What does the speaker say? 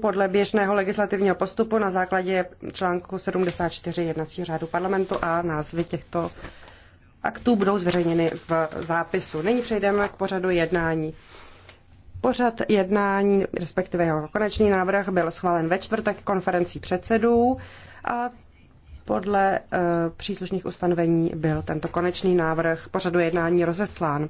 podle běžného legislativního postupu na základě článku 74 jednacího řádu parlamentu a názvy těchto aktů budou zveřejněny v zápisu. Nyní přejdeme k pořadu jednání. Pořad jednání, respektive jeho konečný návrh, byl schválen ve čtvrtek konferencí předsedů a podle eh, příslušných ustanovení byl tento konečný návrh pořadu jednání rozeslán.